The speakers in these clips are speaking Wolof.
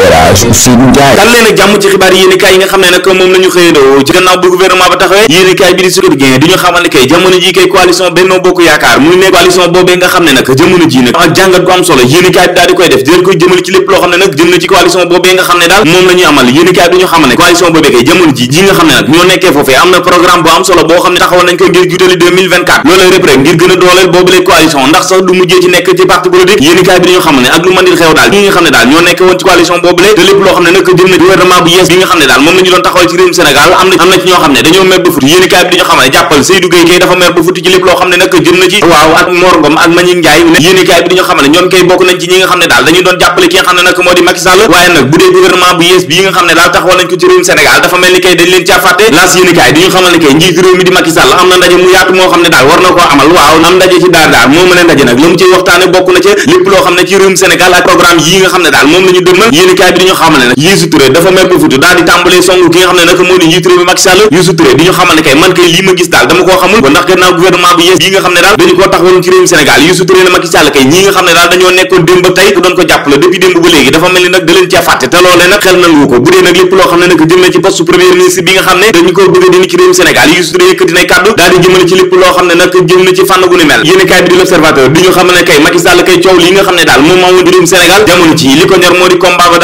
Elhadji ak jàmm ci xibaar yéenekaay yi nga xam ne nag moom la ñu xëyandoo ci gannaaw bu gouvernement ba taxawee yéenekaay bi di Sud Quotidien di ñu xamal ñu xam ne nag ñoo nekkee foofee am na programme bu am solo boo xam ne taxawal nañ ko ngir jutali loolu rek rek ngir gën dooleel boobu lay coalition ndax sax du mujjee ci nekk ci parti politique bi di ñu xamal ne ak lu mën xew daal ñi nga xam ne daal ñoo nekk woon coalition boobule te lépp loo xam ne nag jëm na gouvernement bu yees bi nga xam ne daal moom la ñu doon taxawal ci réewum Sénégal am na am na ci ñoo xam ne dañoo mer ba futi yéen kaay bi dañu xamal jàppal Seydou Gueye kay dafa mer ba futi ci lépp loo xam ne nag jëm na ci waaw ak Mor Ngom ak Manick Ndiaye yéen kaay bi dañu xamal ñoom kay bokk nañ ci ñi nga xam ne daal dañu doon jàppale ki nga xam ne nag moo di Macky Sall waaye nag bu dee gouvernement bu yees bi nga xam ne daal taxawal nañ ko ci réewum Sénégal dafa mel ni kay dañ leen caa fàtte laas yéen kaay dañu xamal ne kay njiitu réew mi di Macky Sall am na ndaje mu yaatu moo xam ne daal war na koo amal waaw am ndaje ci daar daar moo mën a ndaje nag la mu ciy waxtaane bokk na ca lépp loo xam ne ci réewum Sénégal ak programme yi nga xam ne daal moom la ñu dëmmal yéenekaay yi nga xam ne daal dañoo nekkoon démb tey ku doon ko jàppale depuis démb ba léegi dafa mel ni nag da fàtte te loolee nag xel nangu ko bu nag lépp loo xam ne nag jëm na ci poste premier ministre bi nga xam ne daal moom moo woon di réewum Sénégal jamono ci li ko ñor moo di combat ba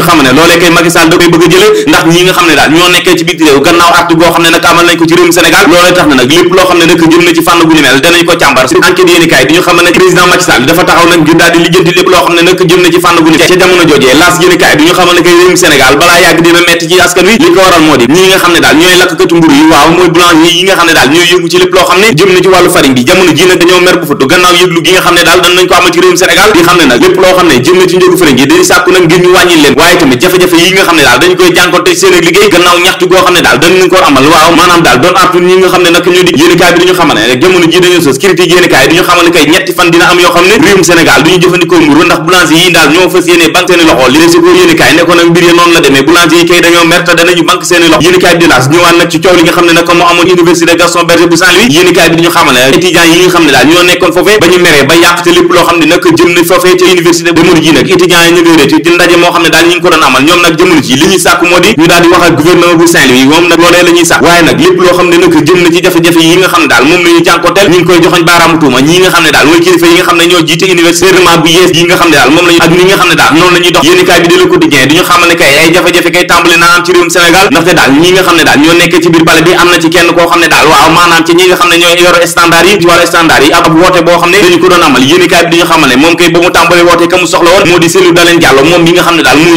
ñu xam kay Macky Sall da koy ndax ñi nga xam ne daal ñoo nekkee ci biir gannaaw yëglu gi nga xam ne daal dañ nañ ko amal ci réewum Sénégal di xam ne nag lépp loo xam ne jëm na ci njëgu farine gi dañu sàkku nag ngir ñu wàññi leen waaye tamit jafe-jafe yi nga xam ne daal dañ koy jànkonte seen ak liggéey gannaaw ñaxtu goo xam ne daal dañ ko amal waaw maanaam daal doon artu ñi nga bi dañu xamal ne jamono ji xam ne daal ñoo fas yéene banque seeni loxo li si ko yéenekaay xam ne nag moo amoon université Gaston bi dañu xamal ne yi nga xam ne daal ñoo nekkoon foofee ba ñu meree ba yàq lépp loo xam ne nag jëm na foofee ca université jamono ji nag yi ñu xam ne daal lañ nga xam ne daal noonu la dox yéenekaay bi di Le Quotidien di ñu xamal ne kay ay jafe-jafe kay tàmbali naa ci réewum Sénégal ndaxte daal ñi nga xam ne daal ñoo nekk ci biir palais bi am na ci kenn koo xam ne daal waaw maanaam ci ñi nga xam ne ñooy yoro standard yi ci standard yi ab woote boo xam ne dañu ko doon amal yéenekaay bi di xamal ne moom kay ba mu tàmbali woote ka mu soxla woon moo di Cellou Dalein Diallo moom mi nga xam ne daal moo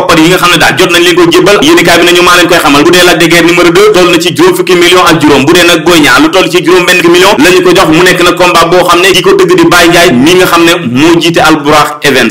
koppar yi nga xam ne daal jot nañ leen ko jébbal yéenekaay bi nañu maa leen koy xamal bu dee Lac de Guiers numéro 2 na ci juróom fukki million ak juróom bu dee nag Boy Niang lu toll ci juróom benn million la ko jox mu nekk nag combat boo xam ne ki ko tëgg di Baye Ndiaye mi nga xam ne moo jiite Alburax Event